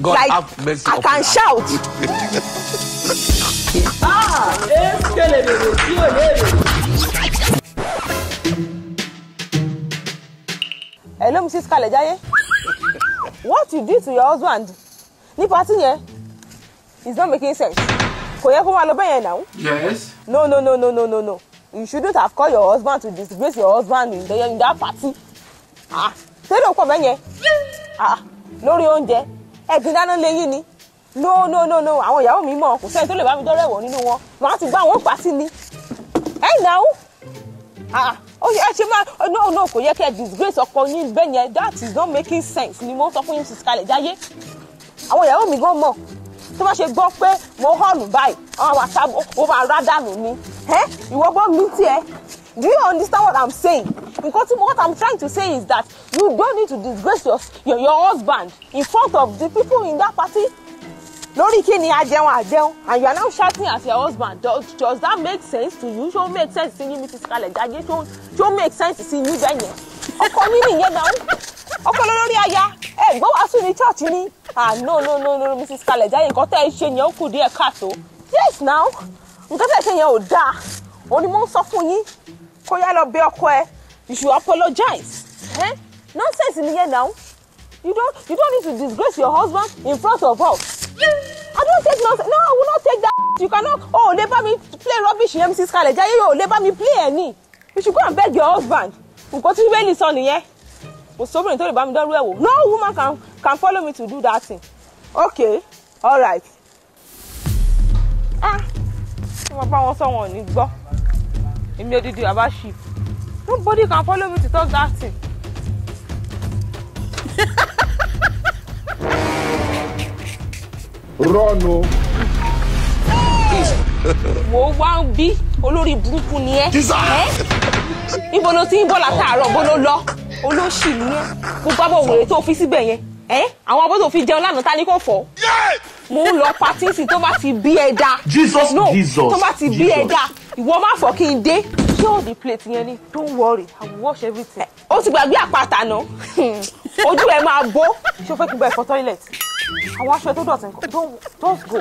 God like, have mercy I can shout. Hello, Mrs. Kalejaye. What you did to your husband? Ní party yẹn, it's not making sense. Kò yẹ kó máa lọ bẹ́yẹn Yes. No, no, no, no, no, no, no. You shouldn't have called your husband to disgrace your husband in, the, in that party. Ah, ṣé ló pọ̀ bẹ́yẹn? Ah, lórí oúnjẹ. ẹ̀gbìn dáná lé yín ni no no no no àwọn ìyàwó mi mọ̀ kò sẹ́ni tó lè bá mi dọ́rẹ́ wọ̀ nínú wọn màá ti gbá àwọn òpá sí ni ẹ̀ náà ah, ah. ó yẹ ẹ ṣe máa oh, no no kò yẹ kẹ́ disgrace ọkọ yín bẹ́ẹ̀ yẹn that is not making sense ni mo sọ fún yín sí kalẹ̀ jáyé àwọn ìyàwó mi gan mọ̀ tó bá ṣe gbọ́ pé mo hàn báyìí àwọn àṣà ó máa rádànù ni ẹ mi tiẹ̀ do you understand what i'm saying Because what i'm trying to say is that you don't need to disgrace your your, your husband in front of the people in that party lórí kí ni ajẹun ajẹun and you are now shouting at your husband does, does that make sense to you ṣó make sense to you, mrs kalẹ̀ jajé ṣó ṣó make sense to yín bẹ́ẹ̀ yẹn ọkọ mi nìyẹn náà ọkọ lórí aya ẹ gbọ́ wàásù ní church ni ah no no no no mrs kalẹ̀ jajé nǹkan tẹ́ ẹ ṣe yẹn ó kù díẹ̀ káàtó yes now nǹkan tẹ́ ẹ ṣe yẹn ò dáa òun ni mo ń sọ fún yín kó yá lọ bẹ ọkọ ẹ you should apologize. Eh? nonsense ni yẹn now you don't you don't need to disgrace your husband in front of us. I don't take nonsense no I will not take that you cannot oh lè me play rubbish MC Scarlett. kale jaye o lè bá play any. you should go and beg your husband nǹkan tí bẹ́ẹ̀lì sọ nìyẹn kò sóbìnrin tó lè bá mi dánrú ẹ̀ wò no woman can can follow me to do that thing okay all right ah mo máa bá wọn sọ wọn ò ní gbọ́ èmi odidi about sheep nobody can follow me to talk that thing. rọ́ọ̀nù. mo wá ń bí olórí burúkú ni ẹ. níbo ló ti ń bọ̀ látàárọ̀ bó ló lọ olóṣì ni ẹ gbogbo àbọ̀ wèrè tó fi síbẹ̀ yẹn ẹ àwọn abọ́ tó fi jẹun lánàá ta ni kò fọ́ mo ń lọ patí sí tó bá ti bí ẹ dá. Jesus Jesus tó bá ti bí ẹ ìwọ má fọ kí n dé ṣé ò ní plate yẹn ni don't worry i will wash everything. ó ti gbàgbé àpáta náà ojú ẹ máa bó ṣé o fẹ́ kí n bá ẹ̀fọ́ toilet àwọn aṣọ tó dọ̀tí nǹkan don't go.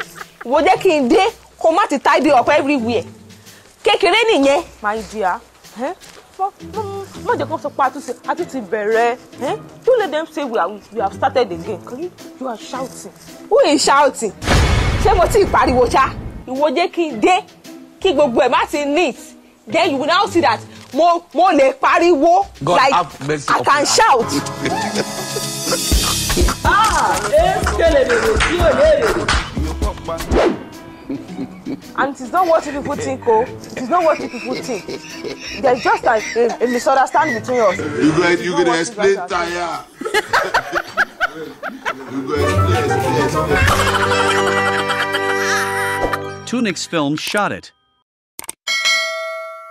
ìwọ jẹ́ kí n dé kó má ti tidy up everywhere kékeré nìyẹn. my dear má jẹ́ kó sọ pé àtúntì àtúntì bẹ̀rẹ̀ don't let them say we, are, we have started again you, you are shouting. who is shouting? ṣé mo ti pariwo ṣá ìwọ jẹ́ kí n dé kí gbogbo ẹ̀ má ti then you will now see that more, more lè pariwo like I can shout. ah ee kele bèrè tí ò and it is not what you people think oh. it is not what you people think there is just a, a misunderstanding between us. you go you go dey explain tire. you go explain film shot it.